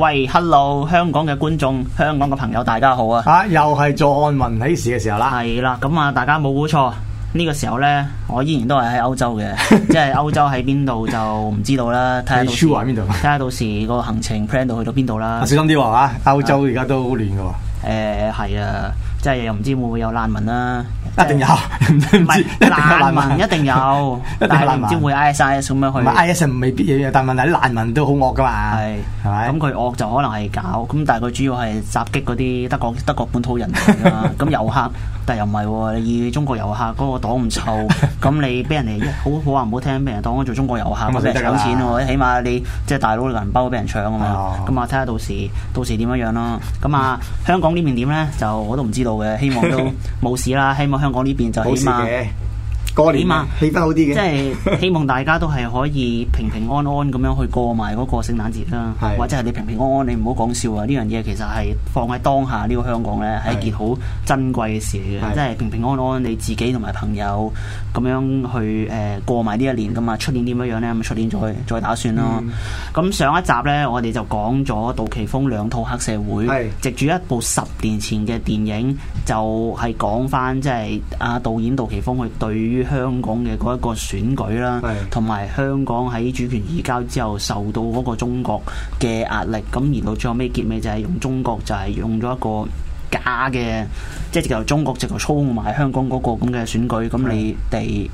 喂，Hello，香港嘅觀眾，香港嘅朋友，大家好啊！嚇、啊，又係坐看雲起時嘅時候啦！係啦，咁啊，大家冇估錯，呢、這個時候呢，我依然都係喺歐洲嘅， 即係歐洲喺邊度就唔知道啦。睇下到時， 看看到時個行程 plan 到去到邊度啦。小心啲喎嚇，歐洲而家都好亂嘅喎。誒，係啊。呃即係又唔知會唔會有難民啦、啊，一定有，唔係難難民一定有， 定有難民但係唔知會 ISIS 咁樣去不。唔係 IS 唔未必嘢，但問題難民都好惡噶嘛，係咪是？咁佢吧惡就可能係搞，咁但係佢主要係襲擊嗰啲德國德國本土人啦，咁遊 客。又唔係、哦，你以中國遊客嗰個黨唔臭，咁 你俾人哋好好話唔好聽，俾人當咗做中國遊客，俾人搶 錢啊、啊， 起碼你即係、就是、大佬嘅銀包都俾人搶啊嘛，咁啊睇下到時到時點樣樣、啊、咯，咁啊香港呢邊點咧？就我都唔知道嘅，希望都冇事啦， 希望香港呢邊就起碼。過年嘛少，氣氛好啲嘅，即係希望大家都係可以平平安安咁樣去過埋嗰個聖誕節啦、啊。是或者係你平平安安，你唔好講笑啊！呢樣嘢其實係放喺當下呢個香港呢，係一件好珍貴嘅事嚟嘅。是即係平平安安你自己同埋朋友咁樣去誒過埋呢一年噶嘛。出是年點樣樣呢？咁出年再再打算咯。咁是上一集呢，我哋就講咗杜琪峰兩套黑社會，係是藉住一部十年前嘅電影就就、啊，就係講翻即係阿導演杜琪峰去對於。香港嘅嗰一個選舉啦，同埋的香港喺主權移交之後受到嗰個中國嘅壓力，咁而到最後尾結尾就係用中國就係用咗一個假嘅，即係直頭中國直頭操控埋香港嗰個咁嘅選舉，咁你哋。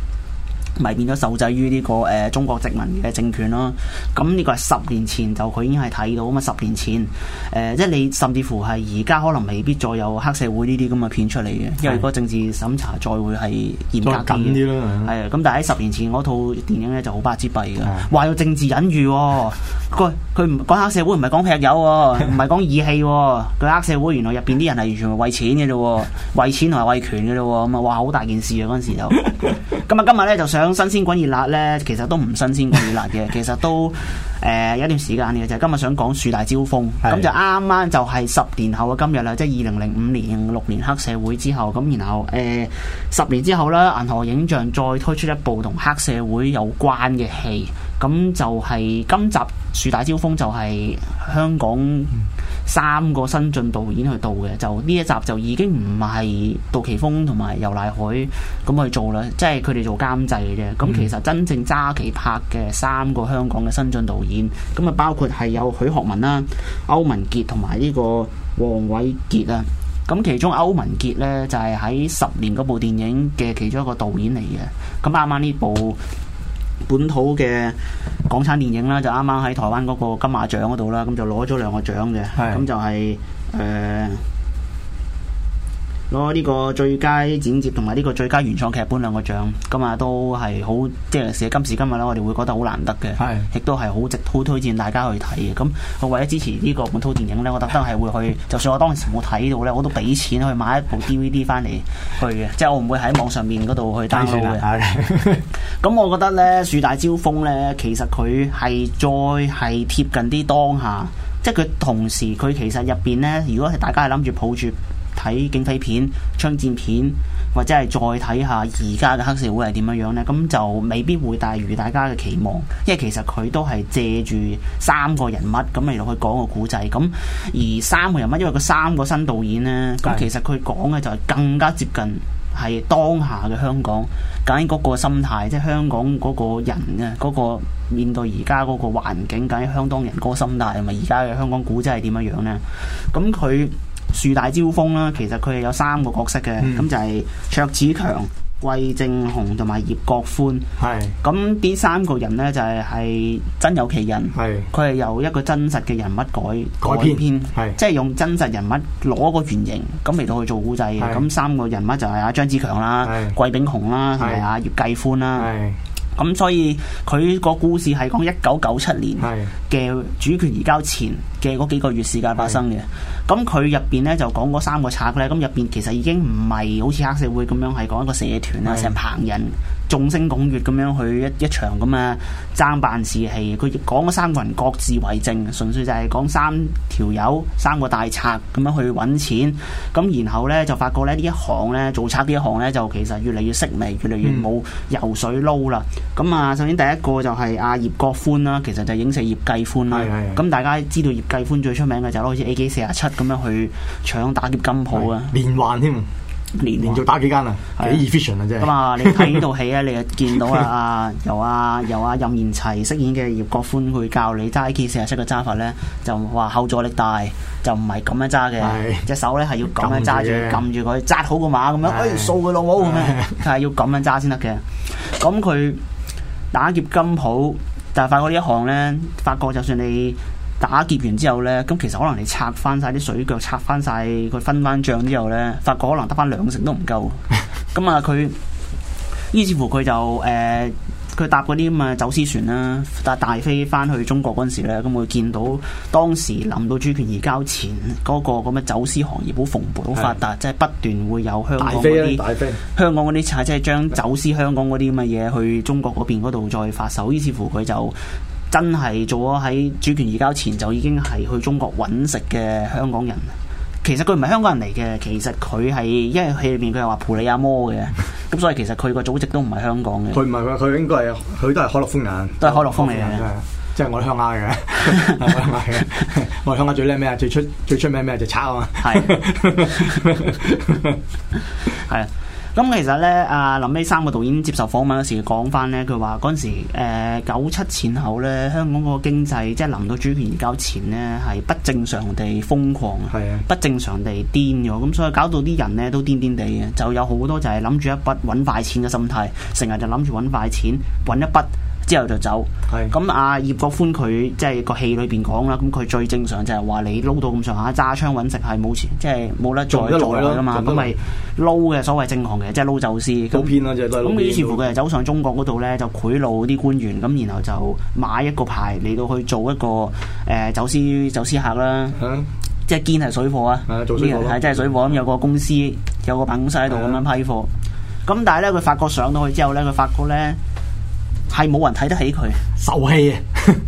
咪變咗受制於呢、這個誒、呃、中國殖民嘅政權咯。咁呢個係十年前就佢已經係睇到啊嘛。十年前誒、呃，即係你甚至乎係而家可能未必再有黑社會呢啲咁嘅片出嚟嘅，是因為個政治審查再會係嚴格緊啲啦。係啊，咁但係喺十年前，嗰套電影咧就好百之弊嘅，話要、嗯、政治隱喻、哦，佢佢唔講黑社會、啊，唔係講劈友，唔係講義氣、哦，佢黑社會原來入邊啲人係完全係為錢嘅啫，為錢同埋為權嘅啫。咁啊，哇，好大件事啊！嗰陣時就，今日今日咧就想。新鮮滾熱辣呢，其實都唔新鮮滾熱辣嘅。 其實都誒，有、呃、一段時間嘅就係、是、今日想講《樹大招風》。咁就啱啱就係十年後嘅今日啦，即係二零零五年、六年黑社會之後。咁然後誒、呃，十年之後啦，銀河影像再推出一部同黑社會有關嘅戲。咁就係今集《樹大招風》，就係香港、嗯。三個新進導演去導嘅，就呢一集就已經唔係杜琪峯同埋游乃海咁去做啦，即係佢哋做監製嘅啫。咁、嗯、其實真正揸旗拍嘅三個香港嘅新進導演，咁啊包括係有許學文啦、歐文傑同埋呢個黃偉傑啊。咁其中歐文傑呢，就係、是、喺十年嗰部電影嘅其中一個導演嚟嘅。咁啱啱呢部本土嘅港產電影啦，就啱啱喺台灣嗰個金馬獎嗰度啦，咁就攞咗兩個獎嘅，咁是的 就係、是、誒。呃攞呢個最佳剪接同埋呢個最佳原創劇本兩個獎噶嘛。今日都係好即係寫今時今日啦，我哋會覺得好難得嘅，亦的都係好值好推薦大家去睇嘅。咁我為咗支持呢個本土電影呢，我特登係會去，就算我當時冇睇到呢，我都俾錢去買一部 DVD 翻嚟去嘅，的即係我唔會喺網上面嗰度去 download 嘅。咁的我覺得呢，樹大招風呢，其實佢係再係貼近啲當下，即係佢同時佢其實入邊呢，如果係大家係諗住抱住。睇警匪片、槍戰片，或者係再睇下而家嘅黑社會係點樣樣呢？咁就未必會帶於大家嘅期望，因為其實佢都係借住三個人物咁嚟到去講個古仔。咁而三個人物，因為佢三個新導演呢，咁的其實佢講嘅就係更加接近係當下嘅香港，究竟嗰個心態，即係香港嗰個人啊，嗰個面對而家嗰個環境，究竟香港人嗰心態同埋而家嘅香港古仔係點樣樣呢？咁佢。樹大招風啦，其實佢係有三個角色嘅，咁、嗯、就係卓子強、季正雄同埋葉國歡。係咁，呢三個人呢，就係係真有其人。係佢係由一個真實嘅人物改改編，PDF, 即係用真實人物攞個原型，咁嚟到去做古仔。咁三個人物就係阿張子強啦、季炳雄啦同埋阿葉繼歡啦。咁所以佢個故事係講一九九七年嘅主權移交前嘅嗰幾個月時間發生嘅。Haiti 咁佢入邊咧就講嗰三個賊咧，咁入邊其實已經唔係好似黑社會咁樣係講一個社團啊，成棚的人眾星拱月咁樣去一一場咁啊爭辦事戲。佢講嗰三個人各自為政，純粹就係講三條友三個大賊咁樣去揾錢。咁然後呢就發覺咧呢一行呢，做賊呢一行呢，就其實越嚟越式微，越嚟越冇油水撈啦。咁啊、嗯，首先第一個就係阿葉國歡啦，其實就影射葉繼歡啦。咁的大家知道葉繼歡最出名嘅就係、是、好似 AK 四廿七。咁樣去搶打劫金鋪啊！連環添，連連做打幾間啊？幾 efficient 啊，啫。係！咁啊，你睇呢套戲咧，你就見到啊，由啊由啊任賢齊飾演嘅葉國寬去教你揸呢件四廿七嘅揸法咧，就話後坐力大，就唔係咁樣揸嘅，隻手咧係要咁樣揸住，撳住佢扎好個馬咁樣，哎掃佢老母咁樣，係要咁樣揸先得嘅。咁佢打劫金鋪，但係發覺呢一行咧，發覺就算你。打劫完之後呢，咁其實可能你拆翻晒啲水腳，拆翻晒佢分翻帳之後呢，發覺可能得翻兩成都唔夠。咁啊、 嗯，佢於是乎佢就誒，佢、呃、搭嗰啲咁嘅走私船啦，搭大飛翻去中國嗰陣時咧，咁、嗯、會見到當時臨到主權移交前嗰個咁嘅走私行業好蓬勃好發達，的即係不斷會有香港嗰啲、啊、香港嗰啲車，即係將走私香港嗰啲咁嘅嘢去中國嗰邊嗰度再發售。於是乎佢就。真係做咗喺主權移交前就已經係去中國揾食嘅香港人。其實佢唔係香港人嚟嘅，其實佢係因為戲裏面佢係話普利亞摩嘅，咁所以其實佢個祖籍都唔係香港嘅。佢唔係，佢佢應該係佢都係海陸豐人」都。都係海陸豐嚟嘅，即係我哋鄉下嘅。我哋鄉下最叻咩啊？最出最出名咩？就炒啊嘛。係 係是啊！ 咁、嗯、其實咧，臨尾三個導演接受訪問嗰時講翻咧，佢話嗰陣時、呃、九七前後咧，香港個經濟即係臨到主權移交前咧，係不正常地瘋狂，的不正常地癲咗。咁、嗯、所以搞到啲人咧都癲癲地嘅，就有好多就係諗住一筆揾快錢嘅心態，成日就諗住揾快錢揾一筆。之後就走。咁阿是、啊、葉國歡佢即係個戲裏邊講啦，咁佢最正常就係話你撈到咁上下揸槍揾食係冇錢，即係冇得再做㗎嘛。咁咪撈嘅所謂正行嘅，即係撈走私。咁、啊就是、於是乎佢係走上中國嗰度呢，就賄賂啲官員，咁然後就買一個牌嚟到去做一個誒、呃、走私走私客啦。嗯、即係堅係水貨啊！堅係真係水貨。咁有個公司有個辦公室喺度咁樣批貨。咁、嗯、但係呢，佢發覺上到去之後，之後呢，佢發覺呢。係冇人睇得起佢，受氣氣啊！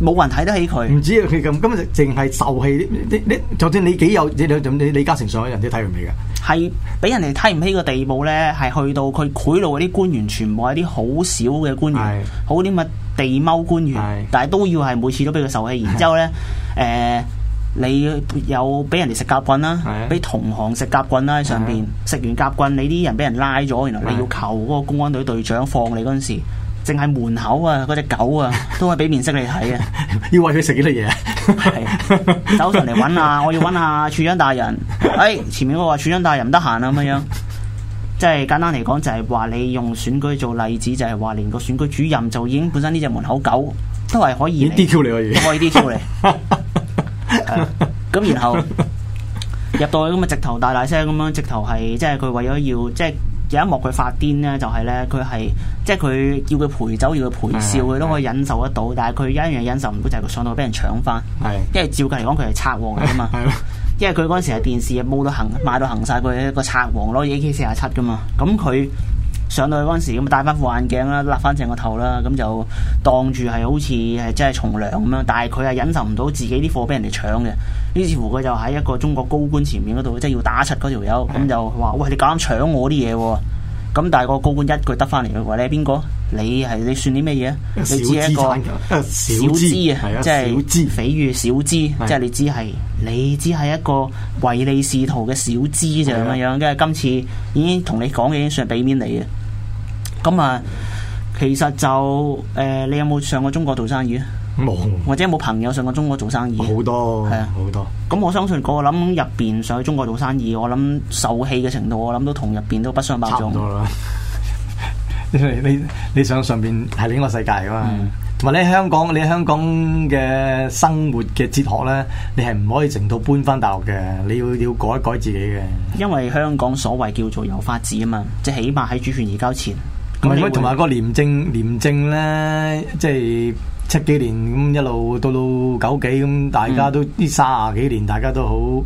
冇 人睇得起佢，唔 知佢咁，今日淨係受氣。你你就算你幾有，你，你，你李嘉誠上海人都睇唔起噶。係俾人哋睇唔起嘅地步咧，係去到佢賄賂嗰啲官員，全部係啲好少嘅官員，好啲乜地踎官員，的但係都要係每次都俾佢受氣。然之後咧，誒的、呃，你有俾人哋食夾棍啦，俾同行食夾棍啦，喺上邊食的完夾棍，你啲人俾人拉咗，原來你要求嗰個公安隊隊長放你嗰陣時。淨係門口啊，嗰隻狗啊，都係俾面色你睇啊！要餵佢食幾多嘢 啊？係走上嚟揾啊，我要揾下處長大人。哎，前面嗰個話處長大人唔得閒啊，咁樣。即係簡單嚟講，就係、是、話係話你用選舉做例子，就係、是、話係話連個選舉主任就已經本身呢隻門口狗都係可以。欸、DQ 你可以，可以 DQ 你。咁然後入到去咁啊，直頭大大聲咁樣，直頭係即係佢為咗要即係。有一幕佢發癲咧，就係、是、咧，佢係即係佢叫佢陪酒，要佢陪笑，佢的都可以忍受得到。的但係佢一樣忍受唔、就是、到就係佢上到俾人搶翻，的因為照計嚟講佢係賊王嚟噶嘛，因為佢嗰陣時係電視嘅冇得行買到行晒。佢一個賊王咯，AK 四廿七噶嘛，咁佢。上到去嗰陣時，咁咪戴翻副眼鏡啦，甩翻成個頭啦，咁就當住係好似係真係從良咁樣。但係佢係忍受唔到自己啲貨俾人哋搶嘅，於是乎佢就喺一個中國高官前面嗰度，即係要打出嗰條友，咁就話，喂，你咁膽搶我啲嘢喎？咁但係個高官一句得翻嚟佢話你係邊個？你係你，你算啲咩嘢？你只係一個小資啊，即係小資匪馳，小資，即係你只係你只係一個唯利是圖嘅小資咋咁樣。因為今次已經同你講嘅已經算俾面你嘅。咁啊、嗯，其實就誒、呃，你有冇上過中國做生意啊？冇有，或者有冇朋友上過中國做生意？好多，係啊是，好多。咁、嗯、我相信，我諗入邊上去中國做生意，我諗受氣嘅程度，我諗都同入邊都不相伯仲。差唔多啦 你你你，你上邊係另一個世界噶嘛？同埋、嗯、你喺香港，你喺香港嘅生活嘅哲學咧，你係唔可以成套搬翻大陸嘅，你要要改一改自己嘅。因為香港所謂叫做有法治啊嘛，即係起碼喺主權移交前。同埋個廉政廉政咧，即係七幾年咁一路到到九幾咁，大家都啲卅幾年，大家都好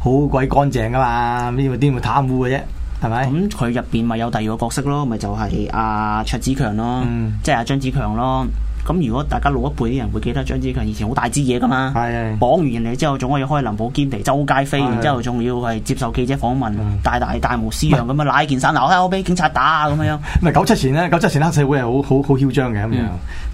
好鬼乾淨噶嘛？邊個啲咪貪污嘅啫？係咪？咁佢入邊咪有第二個角色咯？咪就係阿卓子強咯，即係阿張子強咯。咁如果大家老一輩啲人會記得張子強以前好大支嘢噶嘛，是是綁完人哋之後仲可以開林寶堅尼周街飛，是是然之後仲要係接受記者訪問，是是大大大無私不是 樣咁啊，拉件衫咬下我俾警察打啊咁樣。唔係九七前咧，九七前黑社會係好好好囂張嘅咁樣。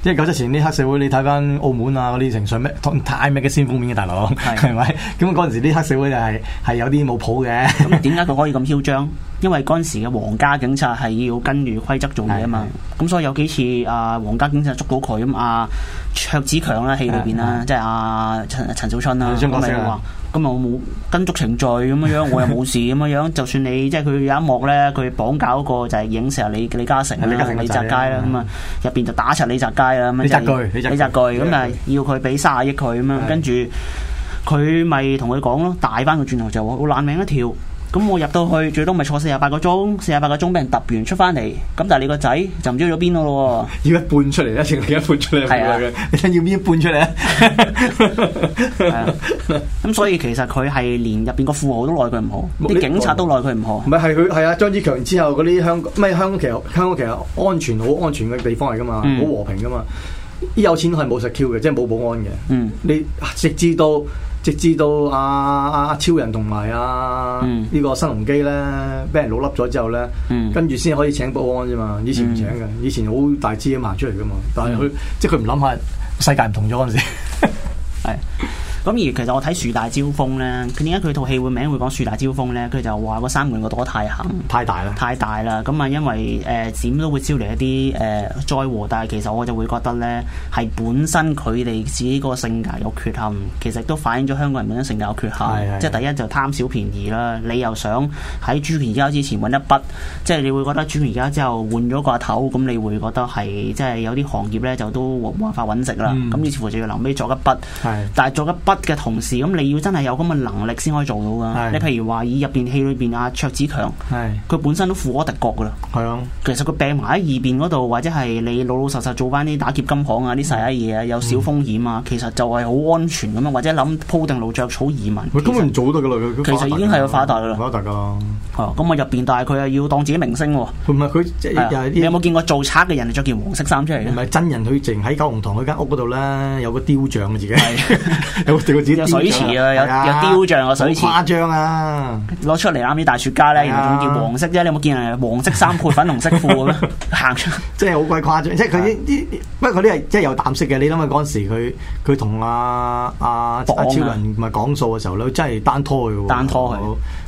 即係 Yeah. 九七前啲黑社會，你睇翻澳門啊嗰啲情勢咩，太咩嘅先鋒面嘅大佬，係咪的？咁嗰陣時啲黑社會就係係有啲冇譜嘅。咁點解佢可以咁囂張？因為嗰時嘅皇家警察係要跟住規則做嘢啊嘛，咁所以有幾次啊，皇家警察捉到佢咁啊，卓子強啦，戲裡邊啦，即係阿陳陳小春啦，咁咪話，咁我冇跟足程序咁樣，我又冇事咁樣，就算你即係佢有一幕咧，佢綁架嗰個就係影成日李李嘉誠啊，李嘉誠李澤楷啦咁啊，入邊就打實李澤楷啊，咁李澤钜李澤钜咁啊，要佢俾卅億佢咁啊，跟住佢咪同佢講咯，大翻個轉頭就話我爛命一條。咁我入到去，最多咪坐四十八個鐘，四十八個鐘俾人揼完出翻嚟。咁但係你個仔就唔知去咗邊咯喎。要一半出嚟咧，剩另一半出嚟咪得嘅。你是、啊、要邊一半出嚟是啊， 啊？咁所以其實佢係連入邊個富豪都奈佢唔好，啲你警察都奈佢唔好。唔係，係佢係啊，張子強之後嗰啲香港，咩香港其實香港其實安全好安全嘅地方嚟噶嘛，好、嗯、和平噶嘛。啲有錢係冇實 q 嘅，即係冇保安嘅。嗯，你直至到。直至到阿、啊、阿、啊啊、超人同埋啊，呢、嗯、個新鴻基咧，俾人老笠咗之後咧，嗯、跟住先可以請保安啫嘛。以前唔請嘅，嗯、以前好大支咁行出嚟嘅嘛。但係佢、嗯、即係佢唔諗下世界唔同咗嗰陣時，咁而其實我睇樹大招風咧，佢點解佢套戲嘅名會講樹大招風咧？佢就話個三門個朵太行太大啦，太大啦！咁啊，因為誒點、呃、都會招嚟一啲誒、呃、災禍。但係其實我就會覺得咧，係本身佢哋自己個性格有缺陷，其實都反映咗香港人本身性格有缺陷。是是是即係第一就貪小便宜啦，你又想喺主權移交之前揾一筆，即係你會覺得主權移交之後換咗個阿頭，咁你會覺得係即係有啲行業咧就都冇辦法揾食啦。咁於、嗯、似乎就要臨尾是是 作一筆，但係作一筆，嘅同時，咁你要真係有咁嘅能力先可以做到噶。你譬如話，以入邊戲裏邊阿卓子強，佢本身都富可敵國噶啦。係啊，其實佢病埋喺二邊嗰度，或者係你老老實實做翻啲打劫金行啊、啲細啲嘢啊，有小風險啊，其實就係好安全咁啊。或者諗鋪定路著草移民，佢根本唔做得噶啦。其實已經係有發達噶啦。發達噶。哦，咁啊入邊，但係佢啊要當自己明星喎。唔係佢，你有冇見過做賊嘅人着件黃色衫出嚟？唔係真人，佢淨喺九龍塘佢間屋嗰度啦，有個雕像自己，有水池啊，有有雕像啊，水池誇張啊！攞出嚟啱啲大雪茄咧，仲叫黃色啫，你有冇見啊？黃色衫配粉紅色褲啦，行出即係好鬼誇張，即係佢啲啲，不過佢啲係即係有膽識嘅。你諗下嗰時佢佢同阿阿阿超人咪講數嘅時候咧，真係單拖嘅，單拖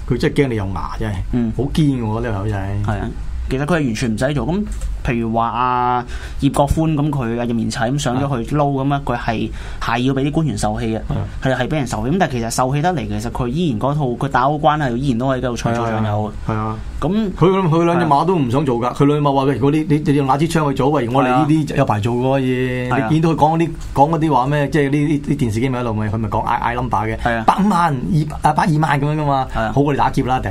佢，佢真係驚你有牙真係，嗯，好堅嘅呢個友仔，係啊。其實佢係完全唔使做咁，譬如話阿葉國歡咁，佢阿任賢齊咁上咗去撈咁咧，佢係係要俾啲官員受氣嘅，係係俾人受氣。咁但係其實受氣得嚟，其實佢依然嗰套佢打好關係，依然都可以繼續吹吹有是啊、嗯、啊。係啊，咁佢佢兩隻馬都唔想做㗎。佢兩馬話：，如果、啊哎、你你你用攞支槍去做，不、哎、我哋呢啲有排做嘅嘢。啊啊、你見到佢講嗰啲講啲話咩？即係呢啲電視機咪喺度咪佢咪講嗌嗌 number 嘅，百五萬二啊百二萬咁樣㗎嘛，好過你打劫啦頂。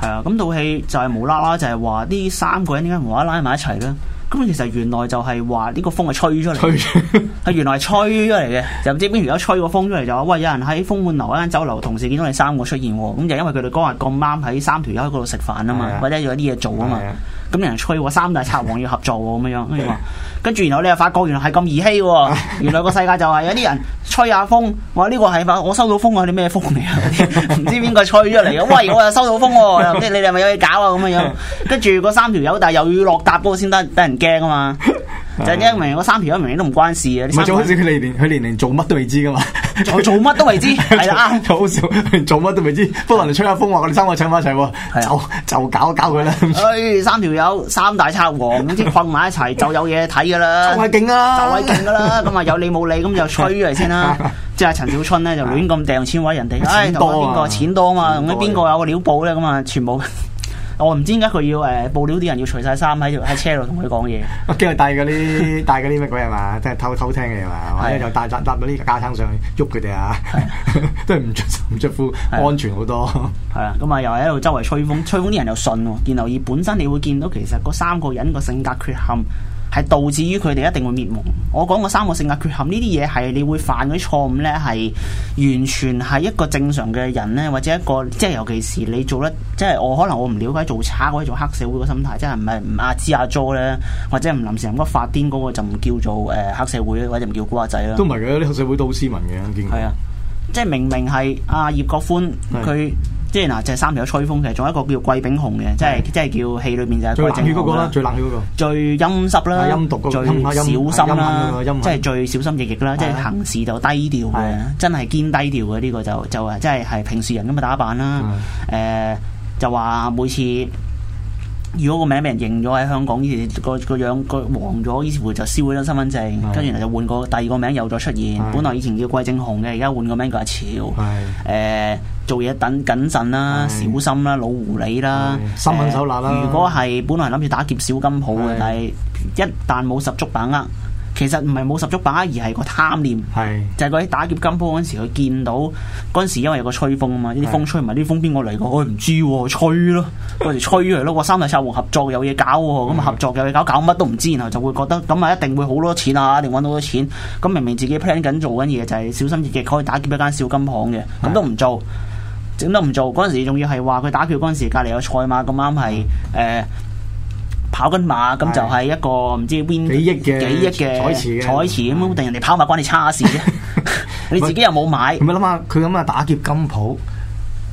係啊，咁套戲就係無啦啦就係話呢三個人點解無啦啦喺埋一齊咧？咁其實原來就係話呢個風係吹出嚟，係 原來係吹出嚟嘅。就唔知邊條友吹個風出嚟就話喂，有人喺風滿樓嗰間酒樓，樓同時見到你三個出現喎。咁就因為佢哋當日咁啱喺三條友喺嗰度食飯啊嘛，或者有啲嘢做是啊嘛、嗯。咁、嗯、有人吹，三大賊王要合作咁樣，跟住話。跟住，然後你又發覺原來係咁兒戲喎！原來、哦、原來個世界就係、是、有啲人吹下風，話呢、這個係我收到風啊！啲咩風嚟啊？唔 知邊個吹咗嚟？喂，我又收到風喎！即 你哋咪有嘢搞啊？咁樣，跟住嗰三條友，但係又要落搭嗰個先得，得人驚啊嘛！ 就呢一明嗰三條友明，明，明都唔關事嘅，唔係最好少佢連佢連連做乜都未知噶嘛， 做乜都未知，係啦、啊，最好少做乜都未知，不過人哋吹下風話，我哋三個請返一齊喎的、啊，就就搞一搞佢啦。誒、哎，三條友三大賊王，呢啲瞓埋一齊就有嘢睇噶啦，就係勁啦，就係勁噶啦。咁啊有理冇理，咁就吹嚟先啦。即係陳小春咧就亂咁掟錢位 人哋，唉同埋邊個錢多啊？嘛，同埋邊個有料寶咧咁啊，全部。 我唔知點解佢要誒、呃、布料啲人要除晒衫喺條喺車度同佢講嘢。哦、okay，跟住 帶嗰啲帶啲咩鬼係嘛，即係偷偷聽嘅係嘛，或者就搭搭到啲架撐上去喐佢哋啊， 都係唔出唔出乎 安全好多。係啊， 咁啊又係喺度周圍吹風， 吹風啲人又信喎。然後以本身你會見到其實嗰三個人個性格缺陷。係導致於佢哋一定會滅亡。我講過三個性格缺陷呢啲嘢係你會犯嗰啲錯誤咧，係完全係一個正常嘅人咧，或者一個即係尤其是你做得即係我可能我唔了解做賊或者做黑社會個心態，即係唔係唔阿資阿 jo 咧，或者唔臨時臨刻發癲嗰、那個就唔叫做誒黑社會或者唔叫古惑仔啦。都唔係嘅，啲、這、黑、個、社會都好斯文嘅，嗯、見過。係啊，即係明明係阿、啊、葉國歡佢。的即係嗱，即係三條有吹風嘅，仲有一個叫桂炳雄嘅，即係的即係叫戲裏面就係最冷血嗰個啦，最冷血嗰個，最陰濕啦，陰、啊、毒最小心啦，即係最小心翼翼啦，的即係行事就低調嘅，的真係堅低調嘅呢個就就啊，即係係平時人咁嘅打扮啦，誒的的、呃，就話每次。如果個名畀人認咗喺香港，依個個樣個黃咗，於是乎就燒咗身份證，跟住然後就換個第二個名又再出現。的本來以前叫季正雄嘅，而家換個名叫阿超。誒的、呃，做嘢等謹慎啦，的小心啦、啊，老狐狸啦、啊，心狠的、呃、手辣啦、啊。如果係本來諗住打劫小金鋪嘅，的但係一旦冇十足把握。其實唔係冇十足把握，而係個貪念，是就係嗰啲打劫金鋪嗰時，佢見到嗰時因為有個吹風啊嘛，啲是風吹，唔係啲風邊個嚟嘅？佢、哎、唔知喎、啊，吹咯，我哋 吹佢咯，我三大賊王合作有嘢搞、啊，咁啊、嗯、合作有嘢搞，搞乜都唔知，然後就會覺得咁啊一定會好多錢啊，一定搵到好多錢，咁明明自己 plan 緊做緊嘢，就係、是、小心翼翼可以打劫一間小金行嘅，咁都唔做，是整都唔做，嗰時仲要係話佢打劫嗰時隔籬有賽馬咁啱係誒。跑緊馬咁就係一個唔知 win，幾億嘅幾億嘅彩池彩池咁，定人哋跑馬關你叉事啫？ 你自己又冇買，唔係諗下佢咁啊打劫金鋪，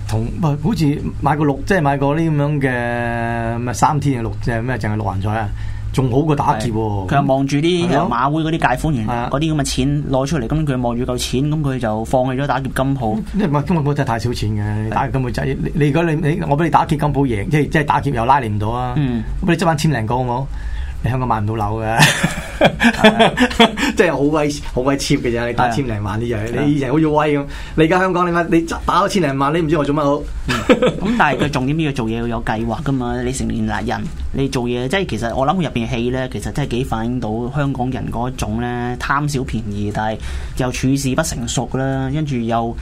同唔係好似買個六，即係買過呢咁樣嘅三天嘅六隻咩，淨係六環彩啊！仲好過打劫喎、啊，佢又望住啲馬會嗰啲解款員嗰啲咁嘅錢攞出嚟，咁佢望住嚿錢，咁佢就放棄咗打劫金鋪。因為買金舖仔太少錢嘅，打劫金舖仔，你如果你你我俾你打劫金鋪贏，即係即係打劫又拉你唔到啊，嗯、我俾你執翻千零個好唔好？你香港買唔到樓嘅，即係好威好威 cheap 嘅嘢，你打千零萬呢樣嘢，你以前好似威咁。你而家香港你乜你打千零萬，你唔知我做乜好。咁但係佢重點要做嘢要有計劃噶嘛。你成年啦人，你做嘢即係其實我諗佢入邊戲咧，其實真係幾反映到香港人嗰種咧貪小便宜，但係又處事不成熟啦，跟住又。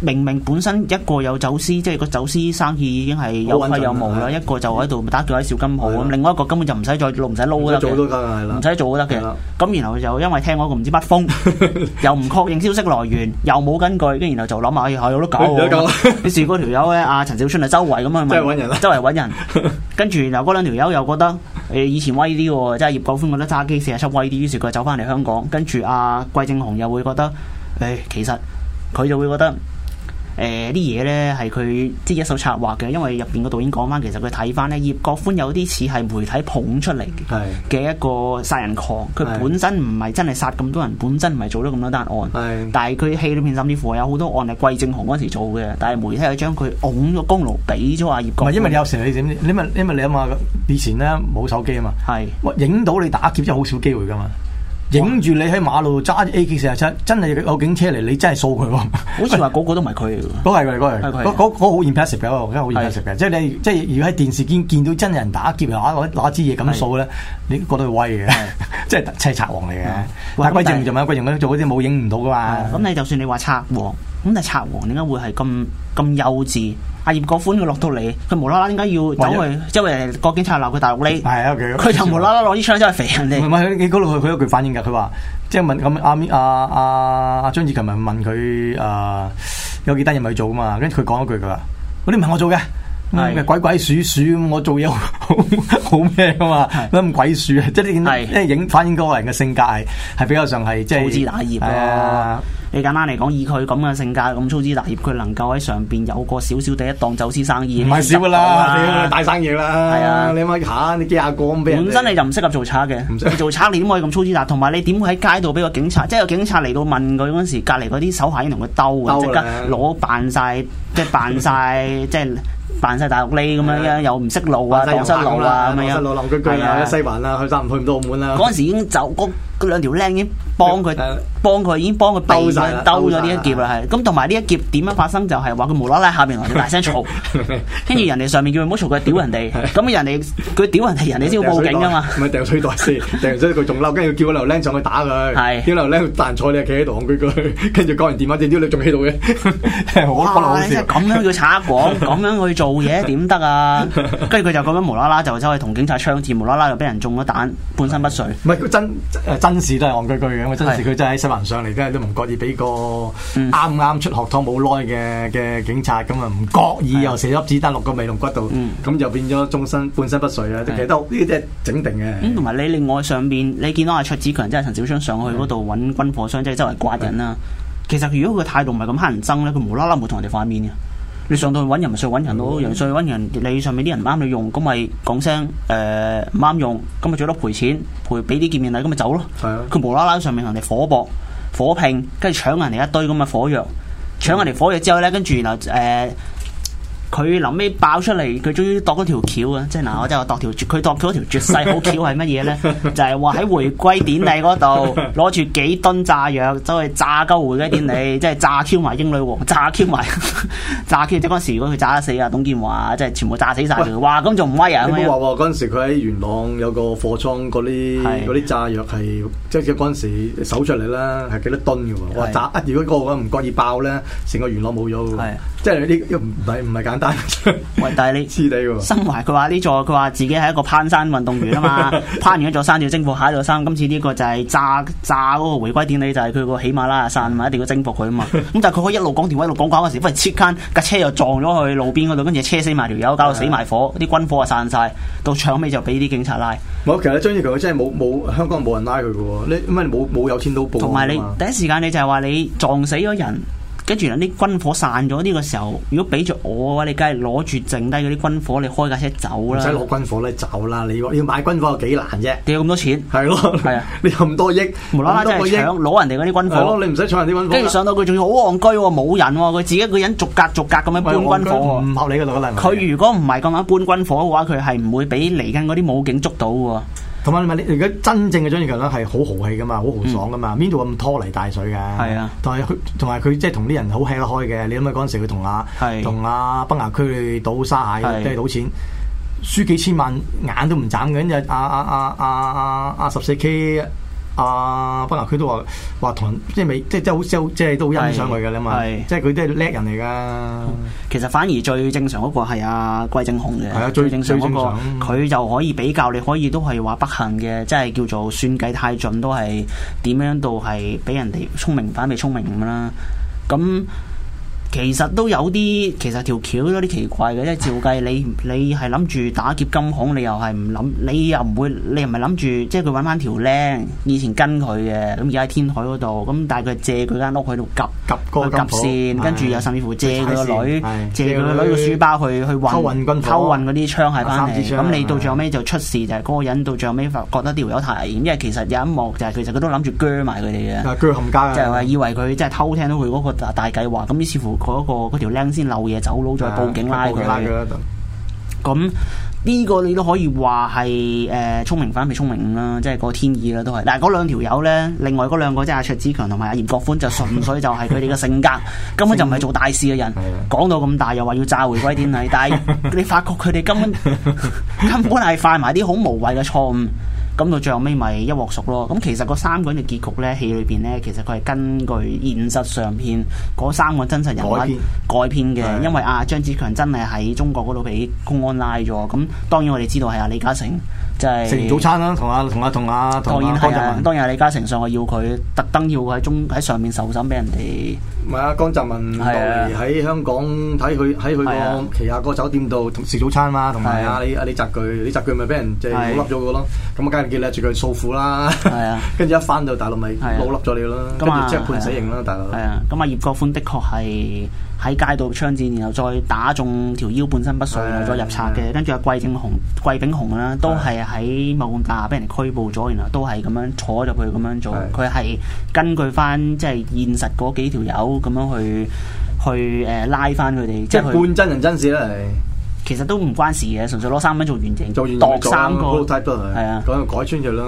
明明本身一個有走私，即係個走私生意已經係有虧有毛啦，一個就喺度打叫喺小金鋪咁，另外一個根本就唔使再撈，唔使撈得，唔使做嘅得嘅。咁然後就因為聽嗰個唔知乜風，又唔確認消息來源，又冇根據，跟住然後就諗下，哎，有得搞喎。你試過條友咧？阿陳小春啊，周圍咁啊嘛，周圍搵人。跟住然後嗰兩條友又覺得誒以前威啲嘅，即係葉國歡覺得揸機成日出威啲，於是佢走翻嚟香港。跟住阿季正雄又會覺得誒，其實。佢就會覺得，誒啲嘢咧係佢即係一手策劃嘅，因為入邊個導演講翻，其實佢睇翻咧，葉國歡有啲似係媒體捧出嚟嘅一個殺人狂，佢是的 本身唔係真係殺咁多人，是的 本身唔係做咗咁多單案，是的 但係佢戲裏面甚至乎有好多案係季正雄嗰時做嘅，但係媒體又將佢拱咗功勞俾咗阿葉國歡。唔係，因為你有時你點？因為因為你啊嘛，以前咧冇手機啊嘛，係影是的 到你打劫真係好少機會噶嘛。影住你喺馬路揸住 A K 四十七，真係有警車嚟，你真係掃佢喎。好似話個、 那個都唔係佢，都係嘅，都係的。嗰嗰嗰好 impressive 嘅，真係好 i 食嘅。即係你，即係如果喺電視見見到真人打劫，拿攞攞支嘢咁掃咧，的你覺得威嘅，即係即係賊王嚟嘅。威正就咪一個人做嗰啲冇影唔到噶嘛。咁你是是就算你話賊王，咁係賊王，點解會係咁咁幼稚？阿葉國歡佢落到嚟，佢無啦啦點解要走去？因為喂個警察鬧佢大陸呢？係佢、哎，okay, okay, 就無啦啦攞啲槍真係肥人哋。唔係、嗯啊啊啊啊，你你嗰度佢佢有句反應噶，佢話即係問咁阿阿阿張子強咪問佢啊有幾單嘢咪做噶嘛？跟住佢講一句佢話：嗰啲唔係我做嘅是、嗯，鬼鬼祟祟？咁，我做嘢好咩噶 嘛？乜咁是鬼鼠啊？即係影即影，是反映嗰個人嘅性格係係比較上係即係打葉你簡單嚟講，以佢咁嘅性格，咁粗枝大葉，佢能夠喺上邊有個少少第一檔走私生意，唔係少噶啦，大生意啦。係啊，你咪嚇？你幾廿個咁俾人？本身你就唔適合做賊嘅，唔適合做賊，你點可以咁粗枝大？同埋你點會喺街度俾個警察？即係個警察嚟到問佢嗰陣時，隔離嗰啲手下已經同佢鬥啊，即刻攞扮晒，即係扮晒，即係扮晒大陸呢咁樣樣，又唔識路啊，蕩失路啊咁樣樣，失路流居居啊，西環啦，去得唔去唔到澳門啦。嗰陣時已經走光。嗰兩條僆已經幫佢幫佢已經幫佢兜曬兜咗呢一劫啦，係咁。同埋呢一劫點樣發生就係話佢無啦啦下邊大聲嘈，跟住 人哋上面叫佢唔好嘈，佢屌人哋，咁 人哋佢屌人哋，人哋先要報警㗎嘛，唔係掟水袋，水袋先，掟完水佢仲嬲，跟住叫嗰兩僆上去打佢，係是叫兩僆彈菜，你企喺度佢跟住講完電話正屌你仲喺度嘅，我講 得好笑。咁、啊就係、樣叫闖港，咁樣去做嘢點得啊？跟住佢就咁樣無啦啦就走去同警察槍戰，無啦啦就俾人中咗彈，半身不遂。唔係 真真係都係戇居居樣嘅，真係佢真係喺西環上嚟，真係都都唔覺意俾個啱啱出學堂冇耐嘅嘅警察咁啊，唔覺意又死粒子彈落個尾龍骨度，咁就變咗終身半身不遂啦。其實都呢啲即係整定嘅。同埋你另外上邊，你見到阿卓子強即係陳小春上去嗰度揾軍火商，即係周圍刮人啦。其實如果佢嘅態度唔係咁乞人憎咧，佢無啦啦冇同人哋反面嘅。你上到去揾人，咪上去揾人咯。人上去揾人，你上面啲人唔啱你用，咁咪講聲誒唔啱用，咁、呃、咪最多賠錢，賠俾啲見面禮，咁咪走咯。佢係呀，無啦啦上面同人哋火搏火拼，跟住搶人哋一堆咁嘅火藥，搶人哋火藥之後咧，跟住然後誒。呃佢臨尾爆出嚟，佢終於度咗條橋啊！即係嗱，我即係度條佢度咗條絕世好橋係乜嘢咧？就係話喺回歸典禮嗰度攞住幾噸炸藥，走去炸鳩回歸典禮，即係炸 Q 埋英女王，炸 Q 埋 炸 Q。即嗰時如果佢炸得死啊董建華，即係全部炸死晒。哇，咁仲唔威啊？喂你冇話嗰陣時佢喺元朗有個貨倉嗰啲啲炸藥係即係嗰陣時搜出嚟啦，係幾多噸嘅喎？炸！如果個唔覺意爆咧，成個元朗冇咗。係即係啲，又唔係唔係喂！ 但係你痴地喎，身懷佢話呢座，佢話自己係一個攀山運動員啊嘛， 攀完一座山 要征服下一座山。今次呢個就係炸炸嗰個迴歸典禮，就係佢個喜馬拉雅山啊嘛，一定要征服佢啊嘛。咁 但係佢可以一路講電話一路講講嗰時，不切間架車又撞咗去路邊嗰度，跟住車死埋條友，搞到死埋火，啲 軍火啊散晒，到最尾就俾啲警察拉。我 其實張志強佢真係冇冇香港冇人拉佢嘅喎，因為有有你唔係冇冇有天都報。同埋你第一時間你就係話你撞死咗人。 跟住嗱，啲軍火散咗，呢個時候，如果俾著我嘅話，你梗係攞住剩低嗰啲軍火，你開架車走啦，唔使攞軍火咧走啦。你要你要買軍火幾難啫？屌咁多錢，係咯，係啊，你咁多億，無啦啦真係搶攞人哋嗰啲軍火，你唔使搶人啲軍火。跟住上到佢仲要好戇居喎，冇人喎，佢自己一個人逐格逐格咁樣搬軍火。唔合理嘅邏輯。佢如果唔係咁樣搬軍火嘅話，佢係唔會俾嚟緊嗰啲武警捉到嘅。同埋你咪你而家真正嘅張子強咧，係好豪氣噶嘛，好豪爽噶嘛，邊度咁拖泥帶水嘅？係是啊，啊，同埋佢同埋佢即係同啲人好吃得開嘅。你諗下嗰陣時，佢同阿同阿崩牙駒去賭沙蟹，即係是、啊、賭錢，輸幾千萬眼都唔眨嘅。跟住阿阿阿阿阿阿十四 K。啊，不過佢都話話同即係美，即係即係好即係都欣賞佢嘅啦嘛，即係佢都係叻人嚟噶。其實反而最正常嗰個係阿季正雄嘅，係啊最，最正常嗰，那個，佢又正可以比較，你可以都係話不幸嘅，即係叫做算計太盡，都係點樣到係俾人哋聰明反被聰明咁啦。咁其實都有啲，其實條橋有啲奇怪嘅，即係照計你你係諗住打劫金行，你又係唔諗，你又唔會，你又唔係諗住即係佢揾翻條僆以前跟佢嘅，咁而家喺天台嗰度，咁但係佢借佢間屋喺度 𥄫𥄫 個 𥄫 線，跟住又甚至乎借佢個女是借佢個女個書包去去運偷運軍火，偷運嗰啲槍係翻嚟。咁你到最後尾就出事就係、是、嗰個人，到最後尾發覺得條友太危險，因為其實有一幕就係其實佢都諗住鋸埋佢哋嘅，鋸佢冚家，就係以為佢真係偷聽到佢嗰個大計劃，咁於是乎。嗰個條僆先漏嘢走佬，再報警拉佢。咁呢、呢個你都可以話係誒聰明反被聰明誤啦，即係個天意啦，都係嗱嗰兩條友咧，另外嗰兩個即係阿卓子強同埋阿嚴國歡就純粹就係佢哋嘅性格，根本就唔係做大事嘅人，講、 嗯、對到咁大又話要炸回歸典禮，但係你發覺佢哋根本根本係犯埋啲好無謂嘅錯誤。咁到最後尾咪一鑊熟咯。咁其實個三個人嘅結局咧，戲裏邊咧，其實佢係根據現實上片嗰三個真實人物改，改編嘅。因為阿張子強真係喺中國嗰度俾公安拉咗。咁是的 當然我哋知道係啊，李嘉誠就係、是、食早餐啦、啊，同阿同阿同阿唐啊江江澤民當然係李嘉誠上我要佢特登要喺中喺上面受審俾人哋。唔係啊，江澤民喺香港睇佢喺佢個旗下個酒店度食早餐嘛，同埋啊李啊李澤鉅，李澤鉅咪俾人就係冇笠咗個咯。咁住佢訴苦啦，跟住一翻到大陸咪老笠咗你咯，跟住即係判死刑啦，大陸。係啊，咁啊，葉國歡的確係喺街道槍戰，然後再打中條腰，半身不遂，然後再入冊嘅。跟住阿季正雄、季炳雄啦，都係喺某漢啊，俾人拘捕咗，然後都係咁樣坐入去咁樣做。佢係根據翻即係現實嗰幾條友咁樣去去誒拉翻佢哋，即係半真人真事啦，其實都唔關事嘅，純粹攞三蚊做完整，做三個，係啊，咁、啊、改穿就啦。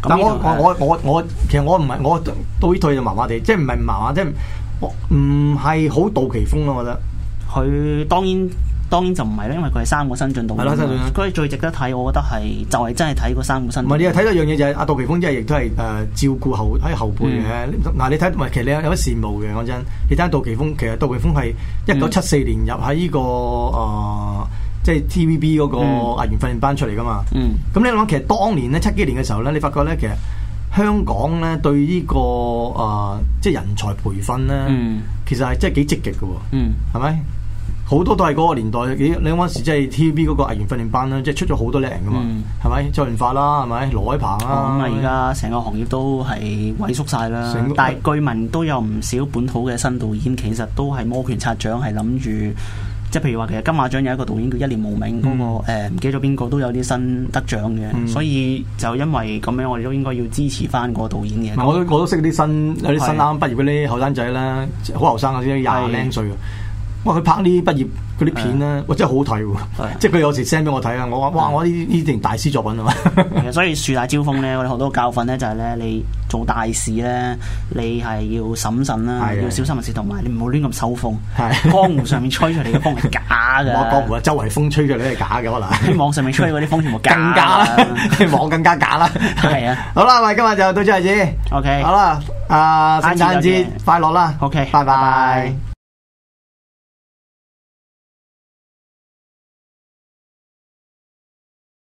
咁我、啊、我我我我，其實我唔係我對佢就麻麻哋，即係唔係麻麻，即係唔係好杜琪峯咯。我覺得佢當然。當然就唔係咧，因為佢係三個新進導演。係啦，新進。所以最值得睇，我覺得係就係、是、真係睇嗰三個新進。唔係，你又睇到一樣嘢就係阿杜琪峰真係亦都係誒照顧後喺後輩嘅。嗱、嗯，你睇，唔係其實你有有啲羨慕嘅，講真。你睇下杜琪峰，其實杜琪峰係一九七四年入喺呢、這個誒、呃，即係 TVB 嗰個藝員訓練班出嚟噶嘛。嗯。咁你諗其實當年咧七幾年嘅時候咧，你發覺咧其實香港咧對呢、這個誒、呃、即係人才培訓咧，其實係真係幾積極嘅喎。嗯。係咪、嗯？好多都係嗰個年代，你嗰陣時即係 TVB 嗰個藝員訓練班啦，即係出咗好多叻人噶嘛，係咪周潤發啦，係咪羅海鵬啦，咁啊，而家成個行業都係萎縮晒啦。但係據聞都有唔少本土嘅新導演，其實都係摩拳擦掌，係諗住即係譬如話，其實金馬獎有一個導演叫一年無名嗰個，誒唔記得咗邊個，都有啲新得獎嘅。所以就因為咁樣，我哋都應該要支持翻嗰個導演嘅。我都我都識啲新有啲新啱畢業嗰啲後生仔啦，好後生啊，啲廿零歲嘅。哇！佢拍呢畢業嗰啲片咧，哇真係好睇喎！即係佢有時 send 俾我睇啊，我話哇！我呢呢定大師作品啊嘛！所以樹大招風咧，我哋學到教訓咧，就係咧你做大事咧，你係要審慎啦，要小心為事，同埋你唔好亂咁收風。江湖上面吹出嚟嘅風係假噶，江湖啊周圍風吹嘅你都係假嘅可能。啲網上面吹嗰啲風全部更加啦，網更加假啦。係啊，好啦，今日就到此為止。OK，好啦，啊，聖誕節快樂啦！OK，拜拜。